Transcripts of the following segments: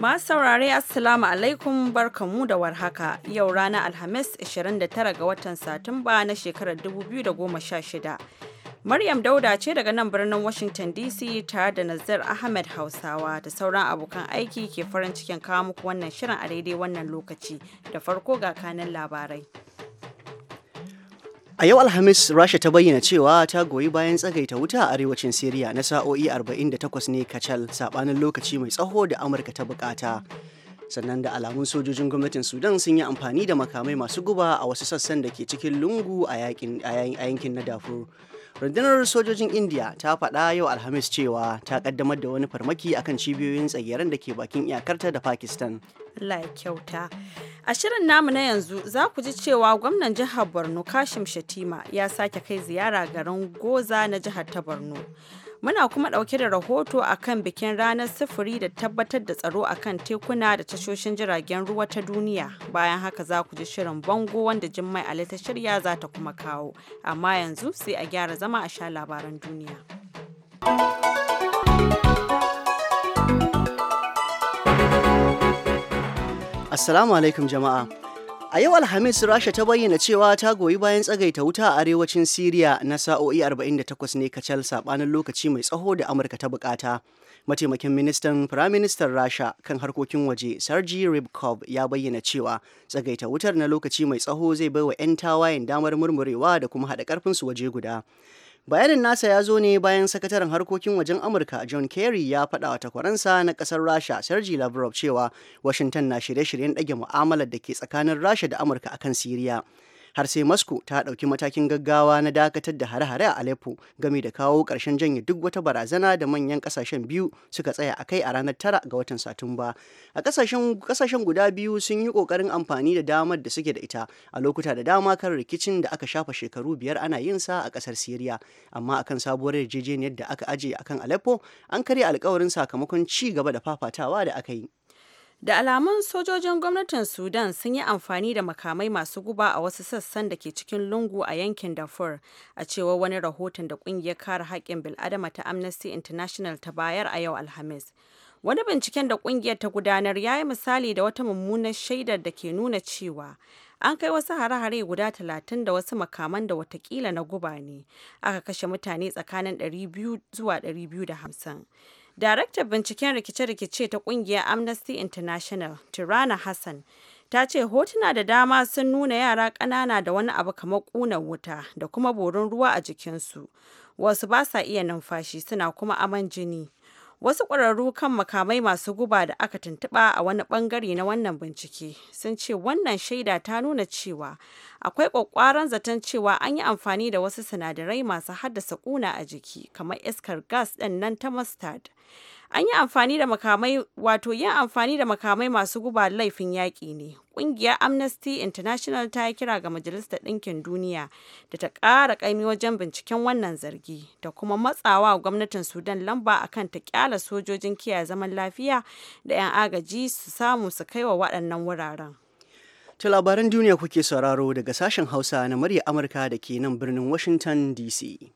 Masu saurare Assalamu alaikum barkamu da warhaka yau rana Alhamis 29 ga watan Satumba na shekarar 2016. Maryam Dauda ce daga nan birnin Washington DC tare da Nazir Ahmed Hausawa da sauran abokan aiki ke farin cikin kawo muku wannan shirin a daidai wannan lokaci da farko ga kanan labarai. A yau Alhamis, Rasha ta bayyana cewa ta goyi bayan tsagaita wuta a arewacin Siriya na sa'o'i 48 ne kacal sabanin lokaci mai tsaho da Amurka ta bukata. Sannan da alamun sojojin gwamnatin Sudan sun yi amfani da makamai masu guba a wasu sassan da ke cikin lungu a yankin na Darfur. rundunar sojojin india ta faɗa yau alhamis cewa ta ƙaddamar da wani farmaki akan cibiyoyin tsageren da ke bakin iyakarta da pakistan Allah ya kyauta a shirin namu na yanzu za ku ji cewa gwamnan jihar borno kashim shatima ya sake kai ziyara garin goza na jihar ta borno Muna kuma ɗauke da rahoto akan bikin ranar sufuri da tabbatar da tsaro akan tekuna da tashoshin jiragen ruwa ta duniya. Bayan haka za ku ji shirin bango wanda Jummai Ali ta shirya za ta kuma kawo. Amma yanzu sai a gyara zama a sha labaran duniya. Assalamu alaikum jama'a. A yau Alhamis Rasha ta bayyana cewa ta goyi bayan tsagaita wuta a arewacin Siriya na sa'o'i 48 ne kacal sabanin lokaci mai tsaho da Amurka ta bukata. Mataimakin ministan Firaministan Rasha kan harkokin waje Sergei Ribkov ya bayyana cewa tsagaita wutar na lokaci mai tsaho zai baiwa 'yan tawayen damar murmurewa da kuma haɗa ƙarfinsu waje guda. bayanin nasa ya zo ne bayan sakataren harkokin wajen amurka john kerry ya faɗa wa takwaransa na ƙasar rasha sergi lavrov cewa washington na shirye-shiryen ɗage mu'amalar da ke tsakanin rasha da amurka akan siriya har sai Moscow ta ɗauki matakin gaggawa na dakatar da hare-hare a Aleppo game da kawo ƙarshen janye duk wata barazana da manyan ƙasashen biyu suka tsaya a kai a ranar Tara ga watan Satumba. A ƙasashen guda biyu sun yi ƙoƙarin amfani da damar da suke da ita a lokuta da dama kan rikicin da aka shafa shekaru biyar ana yin sa a ƙasar syria amma akan sabuwar yarjejeniyar da aka ajiye akan Aleppo an karya alkawarin sakamakon ci gaba da fafatawa da aka yi. Da alamun sojojin gwamnatin Sudan sun yi amfani da makamai masu guba a wasu sassan da ke cikin lungu a yankin Darfur, a cewa wani rahoton da kungiyar kare haƙƙin bil'adama ta Amnesty International ta bayar a yau Alhamis. Wani binciken da kungiyar ta gudanar ya yi misali da wata mummunar shaidar da ke nuna cewa an kai wasu hare-hare guda talatin da wasu makaman da watakila na guba ne, aka kashe mutane tsakanin 200 zuwa 250. Daraktar binciken rikice-rikice ta kungiyar Amnesty International, Tirana Hassan, ta ce hotuna da dama sun nuna yara ƙanana da wani abu kamar ƙunar wuta da kuma borin ruwa a jikinsu. Wasu ba sa iya numfashi suna kuma aman jini. Wasu ƙwararru kan makamai masu guba da aka tuntuɓa a wani ɓangare na wannan bincike sun ce wannan shaida ta nuna cewa akwai ƙwaƙwaran zaton cewa an yi amfani da wasu sinadarai masu haddasa ƙuna a jiki kamar iskar gas ɗin nan ta mustard. An yi amfani da makamai wato yin amfani da makamai masu guba laifin yaƙi ne Ƙungiyar Amnesty International ta yi kira ga Majalisar Dinkin Duniya da ta ƙara ƙaimi wajen binciken wannan zargi da kuma matsawa gwamnatin Sudan lamba akan ta kyala sojojin kiyaye zaman lafiya da 'yan agaji su samu su kai wa waɗannan wuraren. Ta labaran duniya kuke sauraro daga sashen Hausa na murya Amurka da ke nan birnin Washington DC.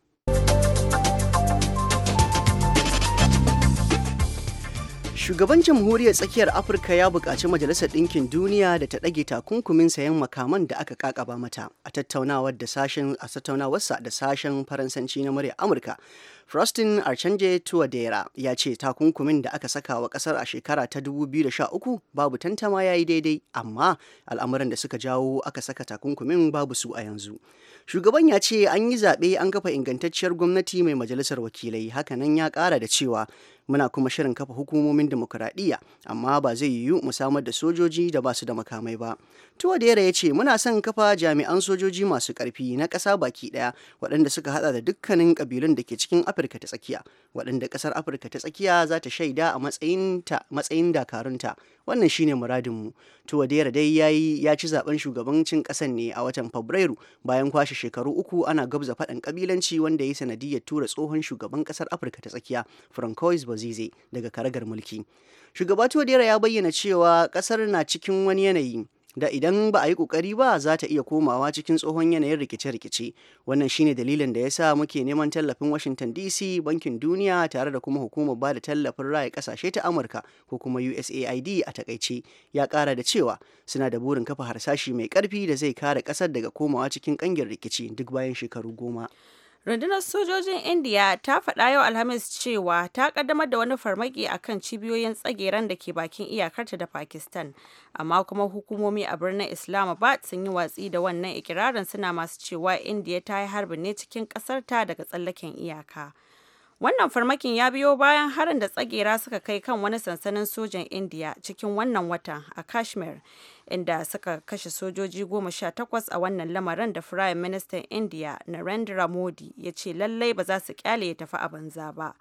Shugaban Jamhuriyar Tsakiyar Afirka ya buƙaci Majalisar Ɗinkin Duniya da ta ɗage takunkumin sayan makaman da aka kakaba mata a tattaunawar da sashen a tattaunawarsa da sashen Faransanci na murya Amurka. Frostin Archange Tuwadera ya ce takunkumin da aka saka wa ƙasar a shekara ta 2013 babu tantama ya yi daidai amma al'amuran da suka jawo aka saka takunkumin babu su a yanzu. Shugaban ya ce an yi zaɓe an kafa ingantacciyar gwamnati mai majalisar wakilai hakanan ya ƙara da cewa muna kuma shirin kafa hukumomin demokuraɗiyya amma ba zai yiwu mu samar da sojoji da ba su da makamai ba yara ya ce muna son kafa jami'an sojoji masu ƙarfi na ƙasa baki ɗaya waɗanda suka haɗa da dukkanin ƙabilun da ke cikin afirka ta tsakiya waɗanda ƙasar afirka ta tsakiya za ta shaida a matsayin dakarunta wannan shine muradin muradinmu tuwadera dai ya ya ci zaben shugabancin kasan ne a watan fabrairu bayan kwashe shekaru uku ana gabza faɗan kabilanci wanda ya sanadiyar tura tsohon shugaban kasar afirka ta tsakiya francois bozize daga karagar mulki shugaba tuwadera ya bayyana cewa kasar na cikin wani yanayi da idan ba a yi kokari ba za ta iya komawa cikin tsohon yanayin rikice-rikice wannan shine dalilin da ya sa muke neman tallafin washington dc bankin duniya tare da kuma hukumar ba da tallafin raya kasashe ta amurka ko kuma usaid a takaice ya kara da cewa suna da burin kafa harsashi mai karfi da zai kare kasar daga komawa cikin kangin rikici duk bayan shekaru goma Rundunar sojojin indiya ta faɗa yau Alhamis cewa ta kaddamar da wani farmaki akan cibiyoyin tsageren da ke bakin iyakarta da Pakistan, amma kuma hukumomi a birnin Islamabad sun yi watsi da wannan ikirarin suna masu cewa indiya ta yi harbin ne cikin ƙasarta daga tsallaken iyaka. Wannan farmakin ya biyo bayan harin da tsagera suka kai kan wani sansanin sojan Indiya cikin wannan watan a Kashmir, inda suka kashe sojoji goma sha takwas a wannan lamarin da Firayim Ministan Indiya Narendra Modi ya ce lallai ba za su kyale ya tafi a banza ba.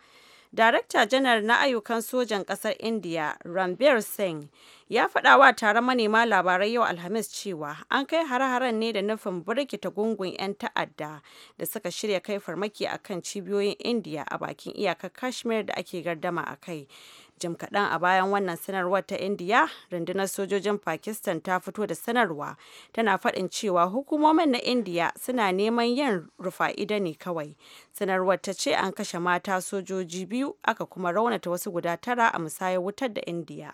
Darakta janar na ayyukan sojan ƙasar India, Ranbir Singh, ya faɗa wa taron manema labarai yau Alhamis cewa an kai har haren ne da nufin birkita gungun 'yan ta'adda da suka shirya kai farmaki a kan cibiyoyin India a bakin iyakar Kashmir da ake gardama a kai. jim kaɗan a bayan wannan sanarwar ta indiya rundunar sojojin pakistan ta fito da sanarwa tana faɗin cewa hukumomin na indiya suna neman yin rufa'ida ne kawai sanarwar ta ce an kashe mata sojoji biyu aka kuma raunata wasu guda tara a musayar wutar da indiya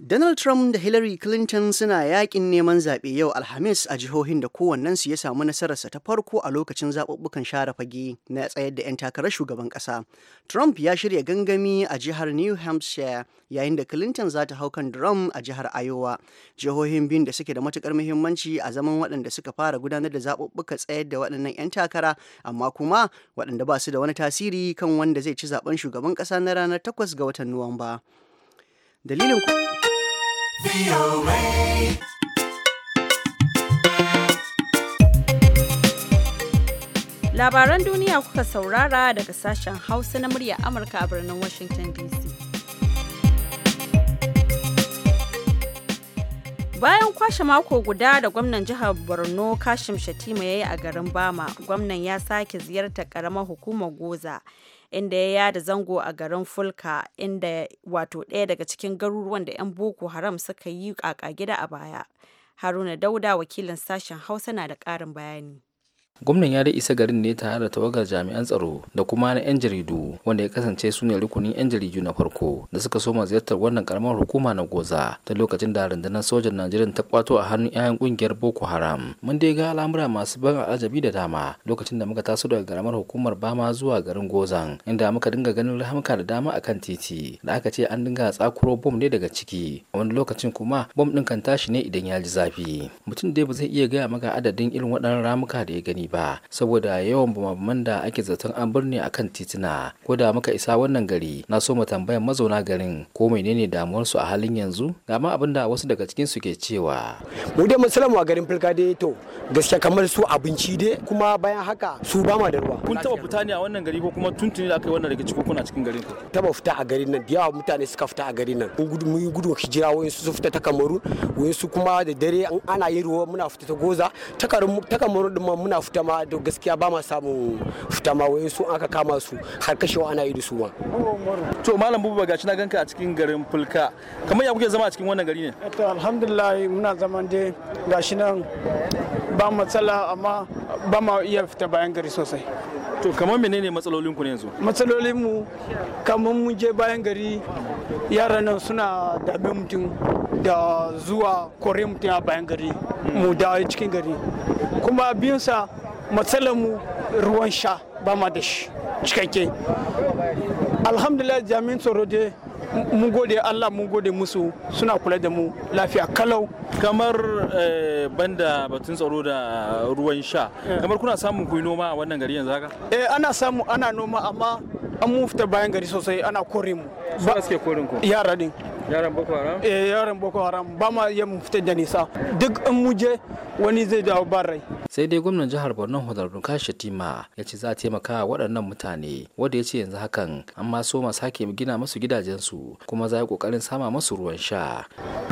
Donald Trump da Hillary Clinton suna yakin neman zaɓe yau Alhamis a jihohin da kowannensu ya samu nasararsa ta farko a lokacin zaɓuɓɓukan share fage na tsayar da 'yan takarar shugaban ƙasa. Trump ya shirya gangami a jihar New Hampshire yayin da Clinton za ta hau kan drum a jihar Iowa. Jihohin biyun da suke da matukar muhimmanci a zaman waɗanda suka fara gudanar da zaɓuɓɓuka tsayar da waɗannan 'yan takara amma kuma waɗanda ba su da wani tasiri kan wanda zai ci zaɓen shugaban ƙasa na ranar 8 ga watan Nuwamba. labaran duniya kuka saurara daga sashen hausa na murya amurka a birnin washington dc bayan kwashe mako guda da gwamnan jihar borno kashim shatima ya yi a garin bama gwamnan ya sake ziyartar karamar hukumar goza inda ya yada zango a garin Fulka inda wato ɗaya daga cikin garuruwan da 'yan Boko Haram suka yi kaka gida a baya. Haruna Dauda wakilin sashen Hausa na da ƙarin bayani. gwamnan ya dai isa garin ne tare da tawagar jami'an tsaro da kuma na 'yan jaridu wanda ya kasance su ne rukunin 'yan jaridu na farko da suka soma ziyartar wannan karamar hukuma na goza ta lokacin da rundunar sojan najeriya ta kwato a hannun 'ya'yan kungiyar boko haram mun dai ga al'amura masu ban ajabi da dama lokacin da muka taso daga karamar hukumar bama zuwa garin gozan inda muka dinga ganin rahamka da dama akan titi da aka ce an dinga tsakuro bom ne daga ciki a wani lokacin kuma bom din kan tashi ne idan ya ji zafi mutum dai ba zai iya gaya maka adadin irin waɗannan ramuka da ya gani ba saboda yawan bumabuman da ake zaton an birni akan tituna ko da muka isa wannan gari na so mu tambayan mazauna garin ko menene damuwarsu a halin yanzu ga ma abin da wasu daga cikin su ke cewa mu dai musulmi a garin filka dai to gaskiya kamar su abinci dai kuma bayan haka su ba ma da ruwa kun taba fita ne a wannan gari ko kuma tuntuni da aka yi wannan rikici ko kuna cikin garin ku. taba fita a garin nan yawa mutane suka fita a garin nan mun gudu mun gudu hijira wayan su fita ta kamaru wayan su kuma da dare ana yi ruwa muna fita ta goza ta kamaru din muna fita ita ma duk gaskiya ba ma samu fita ma wayan su aka kama su har kashewa ana yi da su ma to malam buba gashi na ganka a cikin garin fulka kamar ya kuke zama a cikin wannan gari ne to alhamdulillah muna zaman dai gashi nan ba matsala amma ba ma iya fita bayan gari sosai to kamar menene matsalolin ku ne yanzu matsalolin mu kamar mun je bayan gari yaran nan suna dabe mutum da zuwa kore mutum a bayan gari mu da cikin gari kuma biyunsa mu ruwan sha ba ma da shi cikakke alhamdulillah jami'in tsaro dai mun gode allah mun gode musu suna kula da mu lafiya kalau kamar eh, banda batun tsaro da ruwan sha eh. kamar kuna samun kuyi noma a wannan gari yanzu haka eh ana samu ana noma amma an mun fita bayan gari sosai ana kore mu ba suke korin ku yara din yaran boko haram eh yaran boko haram ba ma yamu fita da nisa duk in mu je wani zai dawo ba sai dai gwamnan jihar borno hudar dunka shatima ya ce za a taimaka waɗannan mutane wanda ya ce yanzu hakan an ma so masu hake gina masu gidajensu kuma za a yi ƙoƙarin sama masu ruwan sha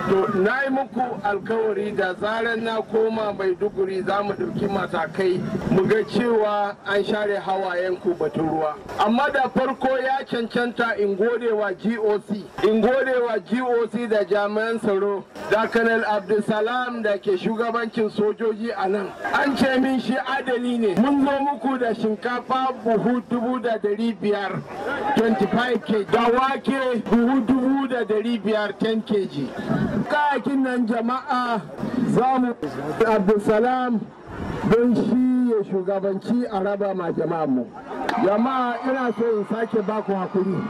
to na yi muku alkawari da zarar na koma maiduguri za mu ɗauki matakai mu ga cewa an share hawayen ku batun ruwa amma da farko ya cancanta in gode wa goc in gode goc da jami'an tsaro da kanal abdulsalam da ke shugabancin sojoji a nan an ce min shi adali ne mun zo muku da shinkafa buhu dubu da dari biyar 25 kg da wake buhu dubu da dari biyar 10 kg kayakin nan jama'a zamu abdulsalam don shi ya shugabanci a raba ma jama'a mu jama'a ina so in sake baku hakuri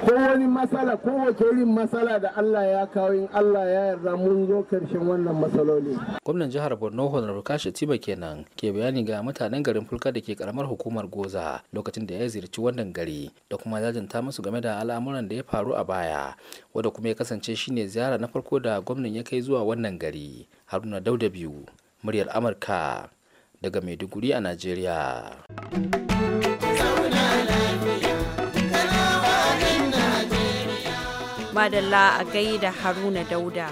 ko matsala ko wace irin matsala da Allah ya kawo in Allah ya yarda mun zo karshen wannan matsaloli. Gwamnan jihar Borno Honorable Kashi Tiba kenan ke bayani ga mutanen garin Fulka da ke karamar hukumar Goza lokacin da ya ziyarci wannan gari da kuma jajanta musu game da al'amuran da ya faru a baya wanda kuma ya kasance shine ziyara na farko da gwamnan ya kai zuwa wannan gari. Haruna Dauda biyu muryar Amurka daga Maiduguri a Najeriya. Badalla a gaida haruna dauda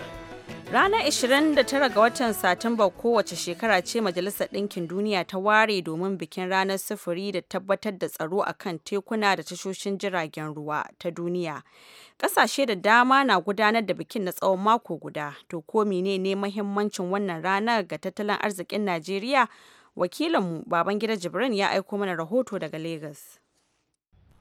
ranar 29 ga watan satumba kowace shekara ce majalisar ɗinkin duniya ta ware domin bikin ranar sufuri da tabbatar da tsaro a kan tekuna da tashoshin jiragen ruwa ta duniya ƙasashe da dama na gudanar da bikin na tsawon mako guda to ko ne mahimmancin wannan ranar ga tattalin arzikin najeriya wakilinmu babangida jibrin ya aiko mana rahoto daga lagos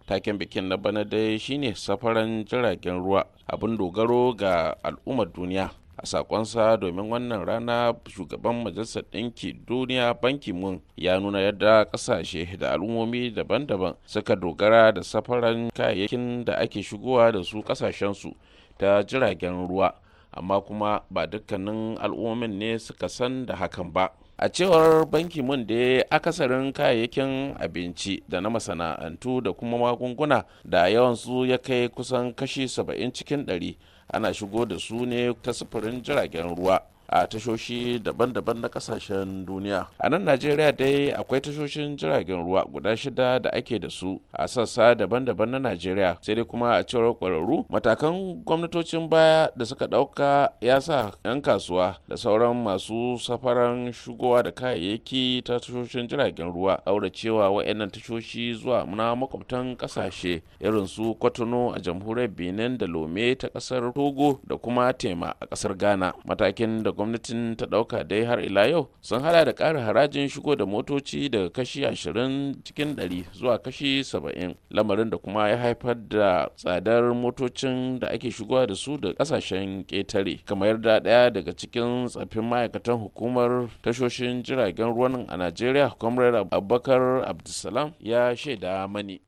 taken bikin na bana dai shine safaran jiragen ruwa abin dogaro ga al'ummar duniya a sakonsa domin wannan rana shugaban majalisar ɗinki duniya banki mun ya nuna yadda ƙasashe da al'ummomi daban-daban suka dogara da safaran kayayyakin da ake shigowa da su ƙasashensu ta jiragen ruwa amma kuma ba dukkanin al'ummomin ne suka san da hakan ba a cewar banki mun da akasarin kayayyakin abinci da na masana'antu da kuma magunguna da yawansu ya kai kusan kashi 70 cikin 100 ana shigo da su ne ta sufurin jiragen ruwa a tashoshi daban-daban na kasashen duniya a nan najeriya dai akwai tashoshin jiragen ruwa guda shida da ake da su a sassa daban-daban na najeriya sai dai kuma a cewar kwararru matakan gwamnatocin baya da suka ɗauka ya sa 'yan kasuwa da sauran masu safaran shigowa da kayayyaki ta tashoshin jiragen ruwa aure cewa wa'annan tashoshi zuwa muna makwabtan kasashe irin su kwatano a jamhuriyar benin da lome ta kasar togo da kuma tema a kasar ghana matakin da gwamnatin ta ɗauka dai har ila yau sun hada da ƙara harajin shigo da motoci daga kashi 20 cikin 100 zuwa kashi saba'in lamarin da kuma ya haifar da tsadar motocin da ake shigowa da su da kasashen ƙetare kamar da ɗaya daga cikin tsaffin ma'aikatan hukumar tashoshin jiragen ruwan a najeriya comrade abubakar abdulsalam ya shaida mani.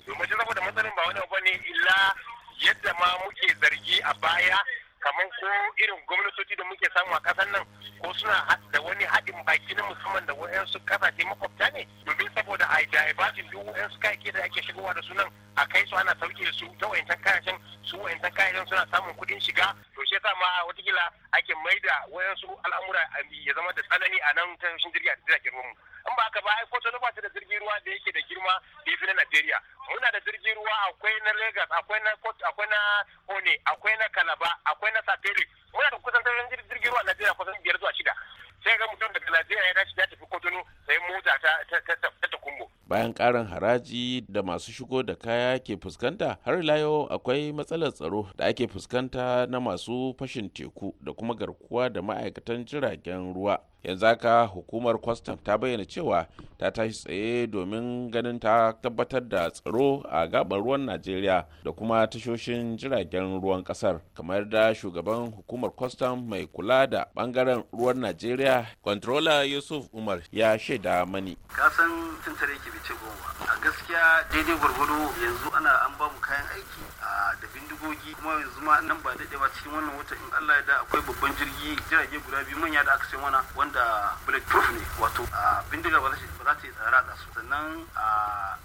illa yadda ma muke zargi a baya kamar ko irin gwamnatoci da muke samu a ƙasar nan ko suna da wani haɗin baki na musamman da wayansu kasashe makwabta ne domin saboda a daibatin duk wayansu kayake da ake shigowa da sunan a kai su ana sauke su ta wayancan kayan su wayancan kayan suna samun kuɗin shiga to shi yasa ma watakila ake maida su al'amura ya zama da tsanani a nan ta jirgin da ruwa mu? in ba ka ba ai Kotonou ba ta da jirgin ruwa da yake da girma da yafi na Najeriya muna da jirgin ruwa akwai na Lagos akwai na Port akwai na One akwai na kalaba akwai na Sapele muna da kusan jirgin ruwa Najeriya kusan biyar zuwa shida sai ga mutum daga Najeriya ya tashi ya tafi Kotonou sai mota ta ta ta kumbo bayan karin haraji da masu shigo da kaya ke fuskanta har layo akwai matsalar tsaro da ake fuskanta na masu fashin teku da kuma garkuwa da ma'aikatan jiragen ruwa yanzu haka hukumar kwastam ta bayyana cewa ta tashi tsaye domin ganin ta tabbatar da tsaro a gabar ruwan najeriya da kuma tashoshin jiragen ruwan kasar kamar da shugaban hukumar kwastam mai kula da bangaren ruwan najeriya controller yusuf umar ya shaida mani kasan cin tare ke bice goma a gaskiya daidai gwargwado yanzu ana an ba mu kayan aiki da bindigogi kuma yanzu ma nan ba daɗewa cikin wannan wata in Allah ya da akwai babban jirgi jirage guda biyu manya da aka sai mana wanda bulletproof ne wato A bindiga ba za ta yi tsara da su sannan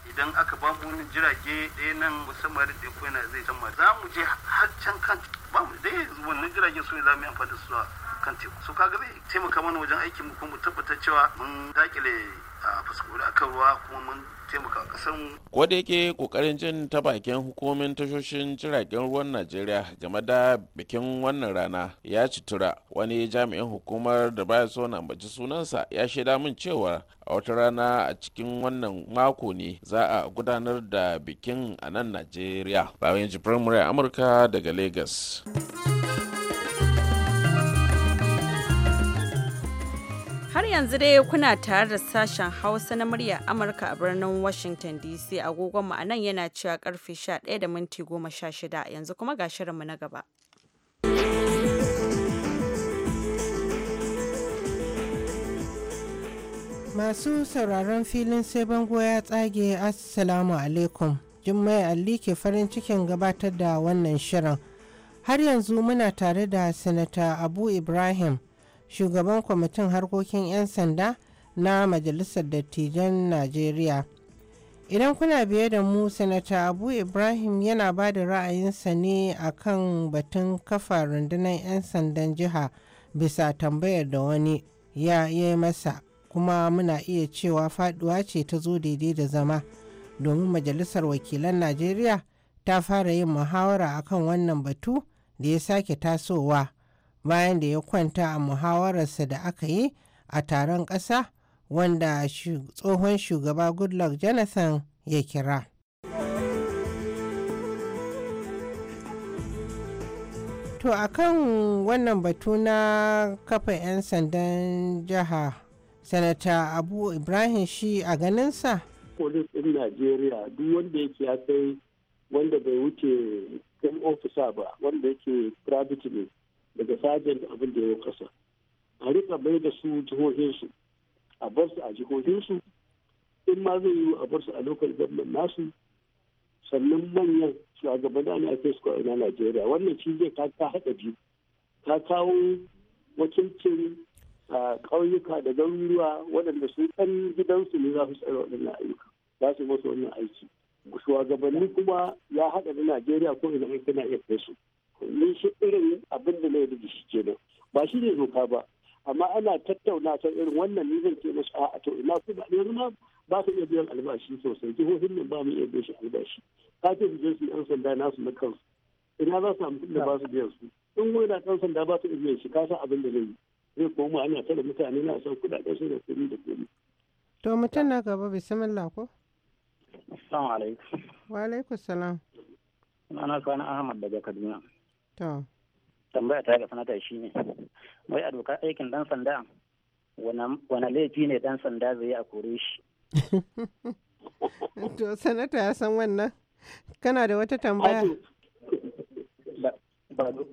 idan aka ba mu jirage ɗaya nan musamman da ko yana zai san za mu je har can kan ba mu dai yanzu wannan jiragen su ne za mu yi amfani da su kan teku su kaga zai taimaka mana wajen aikin mu kuma mu tabbatar cewa mun dakile fuskuri akan ruwa kuma mun taimaka kasan ko da yake kokarin jin ta bakin hukumomin tashoshin jiragen ruwan Najeriya game da bikin wannan rana ya citura wani jami'in hukumar da baya so na ambaci sunansa ya shaida min cewa a wata rana a cikin wannan mako ne za a gudanar da bikin a nan Najeriya bayan jibrin murya Amurka daga Lagos. yanzu dai kuna tare da sashen Hausa na murya Amurka a birnin Washington DC agogon mu nan yana cewa karfe 11 da minti 16 yanzu kuma ga shirinmu na gaba. Masu sauraron filin sai bango ya tsage Assalamu alaikum. Jummai alli ke farin cikin gabatar da wannan shirin. Har yanzu muna tare da Sanata Abu Ibrahim. shugaban kwamitin harkokin 'yan sanda na majalisar dattijan najeriya idan kuna biye da mu sanata abu ibrahim yana ba da ra'ayinsa ne a kan batun kafa rundunar 'yan sandan jiha bisa tambayar da wani ya yi masa kuma muna iya cewa faduwa ce ta zo daidai da zama domin majalisar wakilan najeriya ta fara yin muhawara akan wannan batu da ya sake tasowa bayan da ya kwanta a muhawararsa da aka yi a taron ƙasa wanda tsohon shugaba goodluck jonathan ya kira to kan wannan batu na kafa 'yan sandan jiha sanata abu ibrahim shi a ganinsa polis ɗin najeriya duk wanda yake ya kai wanda bai wuce ofisa ba wanda yake private ne daga sajin abin da ya kasa a rika bai da su jihohinsu a bar su a jihohinsu in ma zai yi a bar su a lokacin gwamnan nasu sannan manyan shugabanni a kai su ina najeriya wannan shi zai ta haɗa biyu ta kawo wakilcin ƙauyuka da garuruwa waɗanda su ɗan gidansu ne za su tsare waɗannan ayyuka za su masu wannan aiki shugabanni kuma ya haɗa da najeriya ko ina tana iya kai su ni shi irin abin da na da shi kenan ba shi ne doka ba amma ana tattauna ta irin wannan ni zan ce masu a to ina ku ba yanzu ma ba su iya biyan albashi sosai jihohin nan ba mu iya biyan shi albashi ka ce su je su yan sanda nasu na kansu ina za su samu da ba su biyan su in wani na kan sanda ba su iya shi ka san abin da zai yi zai koma ana tare mutane na san kuɗaɗen su da kuɗi da kuɗi. to mutum na gaba bisimillah ko. assalamu alaikum. wa alaikum salam. sunana sani ahmad daga kaduna. tambaya ta ga sanata shi ne wai a dokar aikin dan sanda wani laifi ne dan sanda zai yi a kore shi to sanata ya san wannan kana da wata tambaya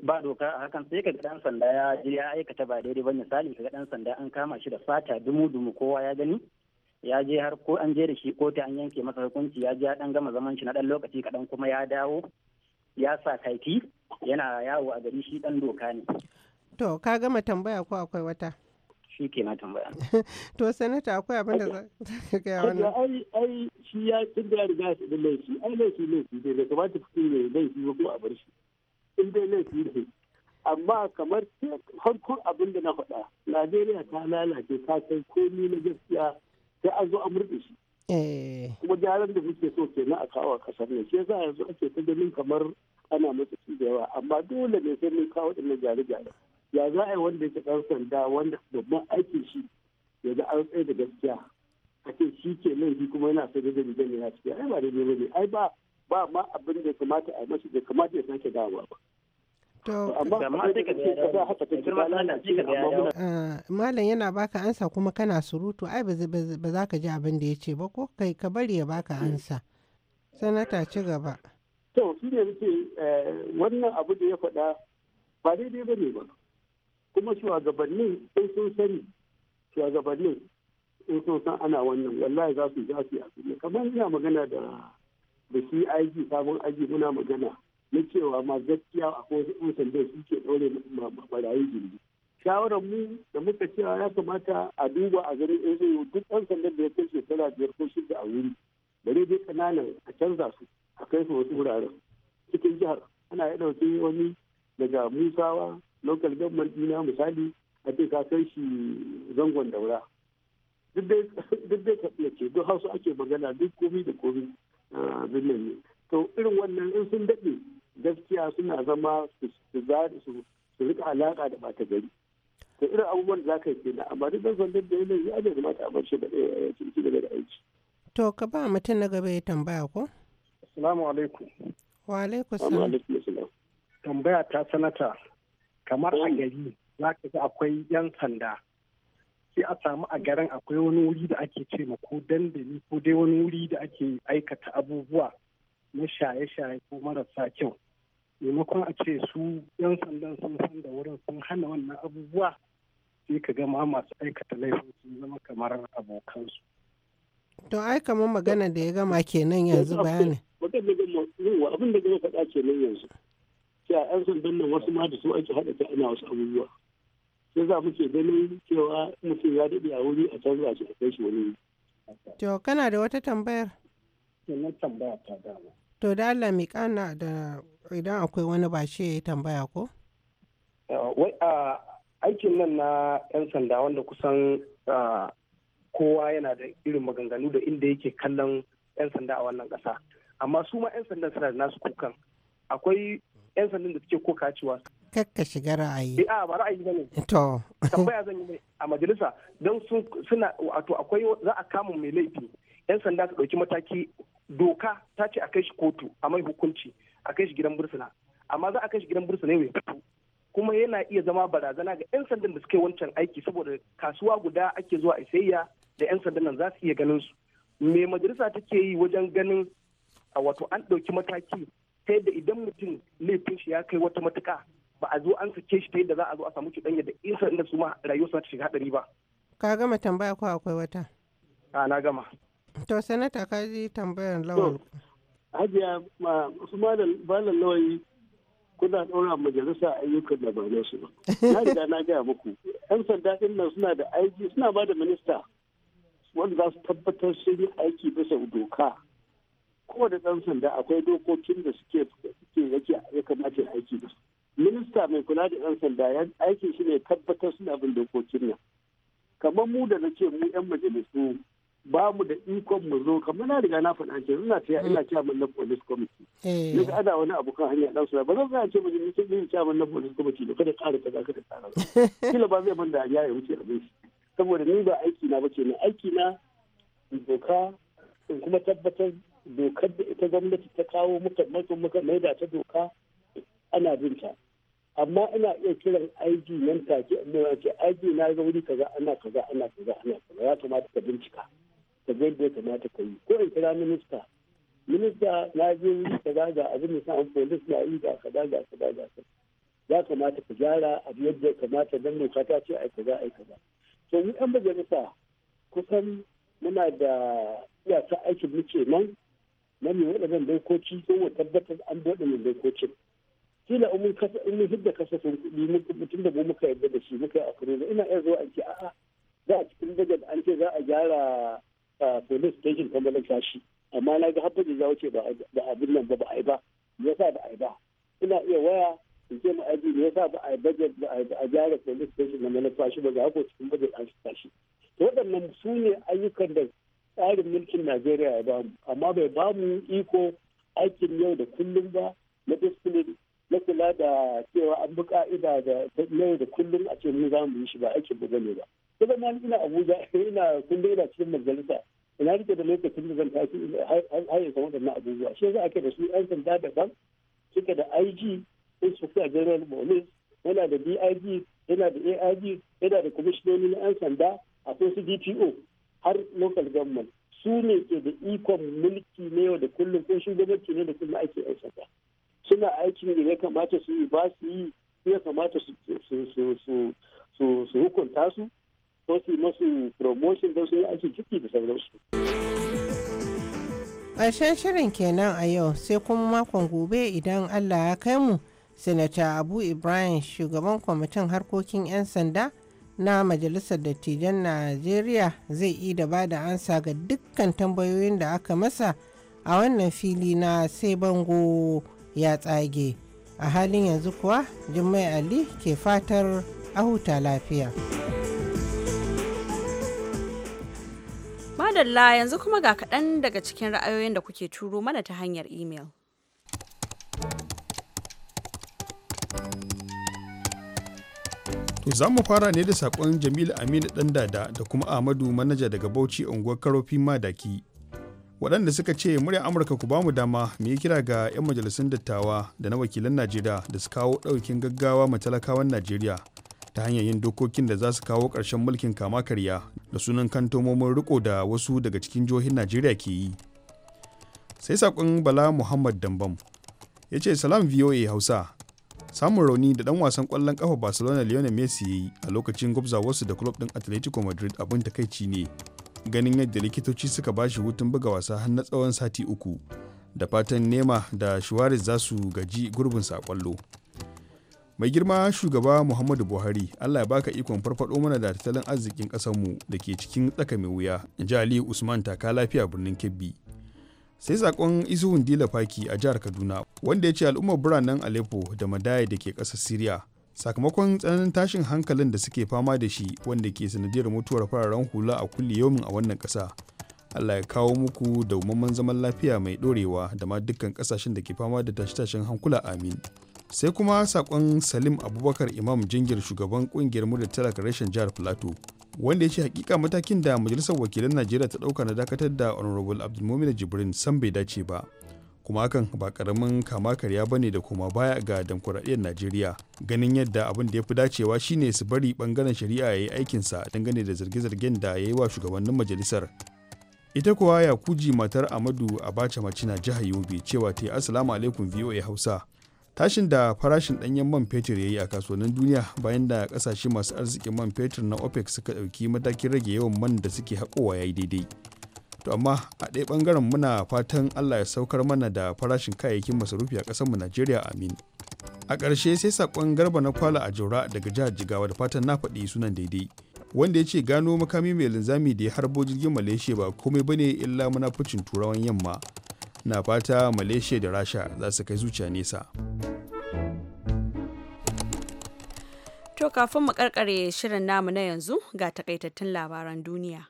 ba doka a hakan sai ka ga dan sanda ya je ya aikata ba daidai ba misali ka ga dan sanda an kama shi da fata dumu dumu kowa ya gani ya je har ko an je da shi kotu an yanke masa hukunci ya je ya dan gama zaman shi na dan lokaci kaɗan kuma ya dawo ya sa kaiti. yana yawo a gari shi dan doka ne to ka gama tambaya ko akwai wata shi ke na tambaya to sanata akwai abin da za ka gaya wani. ai ai shi ya da ya riga shi laifi ai laifi laifi ne da kamata fito ne laifi ko a bar shi in dai laifi ne amma kamar farkon abin da na faɗa najeriya ta lalace ta kai komi na gaskiya sai an zo a murɗe shi Eh. kuma gyaran da muke so ke na a kawo kasar ne ke za yanzu ake ta ganin kamar ana matsaci da yawa amma dole ne sai mun kawo waɗannan gyare-gyare ya za a yi wanda yake ɗan sanda wanda babban aikin shi ya ga an tsaye da gaskiya a ce shi ke nan shi kuma yana sai da gani gani ya ciki ai ba daidai ba ai ba ba ma abin da kamata a mashi da kamata ya sake dawowa ba Ah, malam yana baka ansa kuma kana surutu ai ba za ka ji abin da ya ce ba ko kai ka bari ya baka ansa. Sanata ci gaba. To shi ne nake eh, wannan abu da ya faɗa ba daidai ba ne ba. Kuma shugabannin in sun sani shugabannin in sun san ana wannan wallahi za su ja su yi kamar yana magana da da shi sabon aji muna magana. na cewa ma gaskiya akwai wasu ɗan sanda su ke ɗaure barayin jirgi shawarar mu da muka cewa ya kamata a duba a garin ɗan eh, duk ɗan sandan da ya kai shekara biyar ko shida a wuri bare dai ƙananan a canza su a kai su wasu wuraren cikin jihar ana ya ɗauke wani daga musawa local government dina misali a ce ka kai shi zangon daura duk dai ka ce duk hausa ake magana duk komi da komi ah, abin nan ne to irin wannan in sun daɗe gaskiya suna zama su rika alaƙa da bata gari da irin abubuwan da za ka yi kenan amma duk dan sandan da yanayi ya eh, da mata a shi da ciki daga aiki. to ka ba mutum na gaba ya tambaya ko. assalamu alaikum. wa alaikum salam. tambaya ta sanata kamar a mm. gari za ka ga akwai yan sanda sai a samu a garin akwai wani wuri da ake ce ma ko dandali ko dai wani wuri da ake aikata abubuwa na shaye-shaye ko marasa kyau maimakon a ce su 'yan sandan sun san da wurin sun hana wannan abubuwa sai ka gama masu aikata laifin sun zama kamar abokansu. To ai kamar magana da ya gama kenan yanzu bayani. Abin da gama faɗa kenan yanzu. Sai a 'yan sandan nan wasu ma da su ake haɗa ta ana wasu abubuwa. Sai za mu ganin cewa mutum ya daɗe a wuri a canza shi a kai shi wani. To kana da wata tambayar? Sannan tambaya ta dama. To da Allah mai kana da idan akwai wani ba shi ya yi tambaya ko? Eh, wai a aikin nan na 'yan sanda wanda kusan kowa yana da irin maganganu da inda yake kallon 'yan sanda a wannan ƙasa. Amma su ma 'yan sandan suna da nasu kukan. Akwai 'yan sandan da suke koka cewa kakka shiga ra'ayi. Eh, a ba ra'ayi ba ne. To. Tambaya zan yi a majalisa don suna wato akwai za a kama mai laifi. 'Yan sanda su ɗauki mataki doka ta ce a kai shi kotu a mai hukunci a kai shi gidan bursuna amma za a kai shi gidan bursuna mai fito kuma yana iya zama barazana ga 'yan sandan da suke wancan aiki saboda kasuwa guda ake zuwa a sayayya da 'yan sandan nan za su iya ganin su me majalisa take yi wajen ganin a wato an ɗauki mataki ta yadda idan mutum laifin shi ya kai wata matuka ba a zo an sake shi ta yadda za a zo a samu cuɗanya da 'yan sandan su ma rayuwarsa ta shiga haɗari ba. ka gama tambaya ko akwai wata. a na gama. To sanata ka ji tambayar lawal. Hajiya su malam lawali kuna ɗora majalisa ayyukan da ba su ba. Na riga na gaya muku. 'Yan sanda ɗin nan suna da aiki suna ba da minista wanda za su tabbatar sun yi aiki bisa doka. Kowane ɗan sanda akwai dokokin da suke yake ya kamata aiki da Minista mai kula da 'yan sanda ya aiki shi ne tabbatar suna bin dokokin nan. Kamar mu da nake mu 'yan majalisu ba mu da ikon mu zo kamar na riga na faɗa ce ina ta ina mun na police committee eh. ni ga ada wani abu kan hanya dan su ba zan ga ce mu ni sai ni chairman na police committee da kada ƙara kaza kada ƙara kila ba zai banda ya ya wuce abin shi saboda ni ba aiki na bace ni aiki na doka in kuma tabbatar dokar da ita gwamnati ta kawo muka muka mai da ta doka ana bin ta amma ina iya kiran IG nan take amma ce IG na ga wuri kaza ana kaza ana kaza ana kaza ya kamata ka bincika da zai bai kamata ka yi ko in kira minista minista na je wuri za ga abin da sa'an polis na yi ga kaza ga kaza ga kaza ya kamata ka gyara abu yadda ya kamata don doka ta ce a kaza a kaza to mu ɗan majalisa kusan muna da iyaka aikin muke nan na mai waɗannan dokoki don mu tabbatar an bi waɗannan dokokin kila in mun kasa in mun hidda kasafin kuɗi mutum da mu muka yarda da shi muka yi a ina iya zuwa an a'a za a cikin budget an ce za a gyara police station ta malaka shi amma na ga haɓar ya wuce ba abin nan ba ba a yi ba ya sa ba a yi ba ina iya waya in ce ma aji ya sa ba a yi budget ba a gyara police station na malaka shi ba ga ko cikin budget an shi shi to waɗannan su ne ayyukan da tsarin mulkin najeriya ya bamu amma bai bamu iko aikin yau da kullum ba na discipline na kula da cewa an bi ka'ida da yau da kullum a ce mu za mu yi shi ba aikin ba ne ba. Kuma ina Abuja ina kullum ina cikin majalisa ina rike da lokacin da zan tashi har yanzu waɗannan abubuwa shi za a ke da su yan sanda daban suke da IG inspector general police yana da DIG yana da AIG yana da kwamishinoni na yan sanda akwai su DPO har local government su ne ke da ikon mulki ne yau da kullum ko shugabanci ne da kullum ake yan sanda suna aikin da ya kamata su yi ba su yi ya kamata su hukunta su ko su masu promotion da sauransu. Ƙarshen shirin kenan a yau sai kuma makon gobe idan Allah ya kai mu Sanata Abu Ibrahim shugaban kwamitin harkokin 'yan sanda na Majalisar Dattijan Najeriya zai yi da da ansa ga dukkan tambayoyin da aka masa a wannan fili na sai bango ya tsage. A halin yanzu kuwa jimai Ali ke fatar a huta lafiya. madalla yanzu kuma ga kaɗan daga cikin ra'ayoyin da kuke turo mana ta hanyar imel. To za mu fara ne da saƙon Jamilu Aminu dada da kuma Ahmadu Manaja daga Bauchi unguwar Karofi Madaki. Waɗanda suka ce muryar Amurka ku bamu dama mu yi kira ga 'yan majalisun dattawa da na wakilan Najeriya da su kawo ɗaukin gaggawa ma matalakawan Najeriya. ta hanyar yin dokokin da za su kawo ƙarshen mulkin kama karya da sunan kantomomin riko da wasu daga cikin jihohin najeriya ke yi sai saƙon bala muhammad dambam ya ce salam voa hausa samun rauni da ɗan wasan ƙwallon ƙafa barcelona lionel messi ya yi a lokacin gwabzawarsu da club ɗin atletico madrid abin takaici ne ganin yadda likitoci suka bashi hutun buga wasa har na tsawon sati uku da fatan nema da shuwaris za su gaji gurbinsa a ƙwallo mai girma shugaba muhammadu buhari allah ya baka ikon farfado mana da tattalin arzikin ƙasarmu da ke cikin tsaka mai wuya ji ali usman taka lafiya birnin kebbi sai sakon isuhun dila faki a jihar kaduna wanda ya ce al'ummar biranen aleppo da madaya da ke ƙasar syria sakamakon tsananin tashin hankalin da suke fama da shi wanda ke sanadiyar mutuwar fararen hula a kulle yomin a wannan ƙasa Allah ya kawo muku dawwammamen zaman lafiya mai dorewa da ma dukkan ƙasashen da ke fama da tashe-tashen hankula amin. sai kuma sakon salim abubakar imam jingir shugaban kungiyar murda talaka rashin jihar plateau wanda ya ce hakika matakin da majalisar wakilan najeriya ta dauka na dakatar da honorable abdulmumin jibrin san bai dace ba kuma hakan ba karamin kama karya bane da kuma baya ga demokuraɗiyyar najeriya ganin yadda abin da ya fi dacewa shine su bari bangaren shari'a ya yi aikinsa dangane da zarge-zargen da ya yi wa shugabannin majalisar ita kuwa yakuji matar amadu abacha macina jihar yobe cewa ta yi assalamu alaikum voa hausa tashin da farashin ɗanyen man fetur ya yi a kasuwannin duniya bayan da ƙasashe masu arzikin man fetur na opec suka ɗauki matakin rage yawan man da suke haƙowa ya yi daidai to amma a ɗaya ɓangaren muna fatan allah ya saukar mana da farashin kayayyakin masarufi a ƙasarmu najeriya amin a ƙarshe sai saƙon garba na kwala a jaura daga jihar jigawa da fatan na faɗi sunan daidai wanda ya ce gano makami mai linzami da ya harbo jirgin malaysia ba komai bane illa munafucin turawan yamma na fata malaysia da rasha za su kai zuciya nesa to kafin mu karkare shirin namu na yanzu ga takaitattun labaran duniya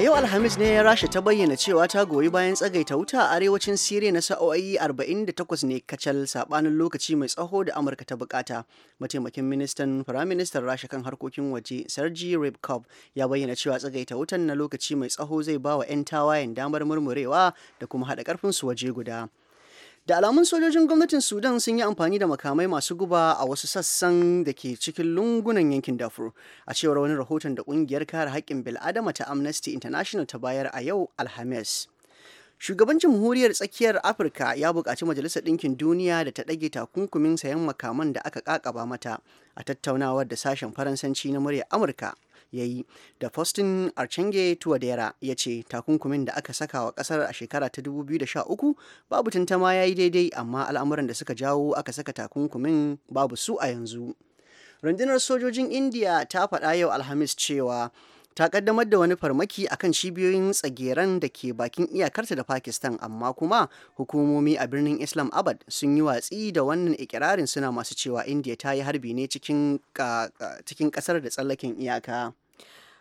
A yau Alhamis ne Rasha ta bayyana cewa ta goyi bayan tsagaita wuta a arewacin Siriya na sa'o'i 48 ne kacal sabanin lokaci mai tsaho da Amurka ta bukata. Mataimakin ministan Firaministan Rasha kan harkokin waje sergi Ribkov ya bayyana cewa tsagaita wutan na lokaci mai tsaho zai ba wa 'yan tawayen damar murmurewa da kuma haɗa su waje guda. da alamun sojojin gwamnatin sudan sun yi amfani da makamai masu guba a wasu sassan da ke cikin lungunan yankin dafur a cewar wani rahoton da kungiyar kare haƙƙin bil'adama ta amnesty international ta bayar a yau alhamis shugaban jamhuriyar tsakiyar afirka ya buƙaci majalisar ɗinkin duniya da ta ɗage takunkumin sayan makaman da aka ƙaƙaba mata a tattaunawar da sashen faransanci na murya amurka ya yi da faustin archange tuwadera ya ce takunkumin da aka saka wa kasar a shekara ta 2013 babu tantama ya yi daidai amma al'amuran da suka jawo aka saka takunkumin babu su a yanzu rundunar sojojin india ta faɗa yau alhamis cewa ta kaddamar da wani farmaki a kan cibiyoyin tsageren da ke bakin iyakarta da pakistan amma kuma hukumomi a birnin islam abad sun yi watsi da wannan ikirarin suna masu cewa india ta yi harbi ne cikin kasar da tsallaken iyaka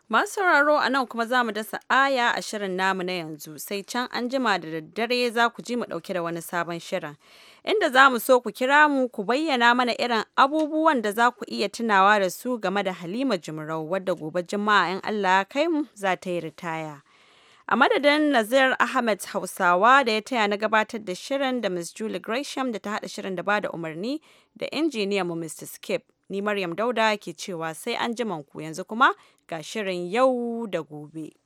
Masu sauraro a nan kuma za mu dasa aya a shirin namu na yanzu sai can an jima da daddare za ku ji mu ɗauke da wani sabon shirin. Inda za mu so ku kira mu ku bayyana mana irin abubuwan da za ku iya tunawa da su game da Halima Jimarau wadda gobe Juma'a in Allah ya kai mu za ta yi ritaya. A madadin Nazir Ahmed Hausawa da ya taya na gabatar da shirin da Ms. Julie Gresham da ta haɗa shirin da ba da umarni da injiniyanmu Mr. Skip. Ni Maryam Dauda ke cewa sai an ku yanzu kuma ga shirin yau da gobe.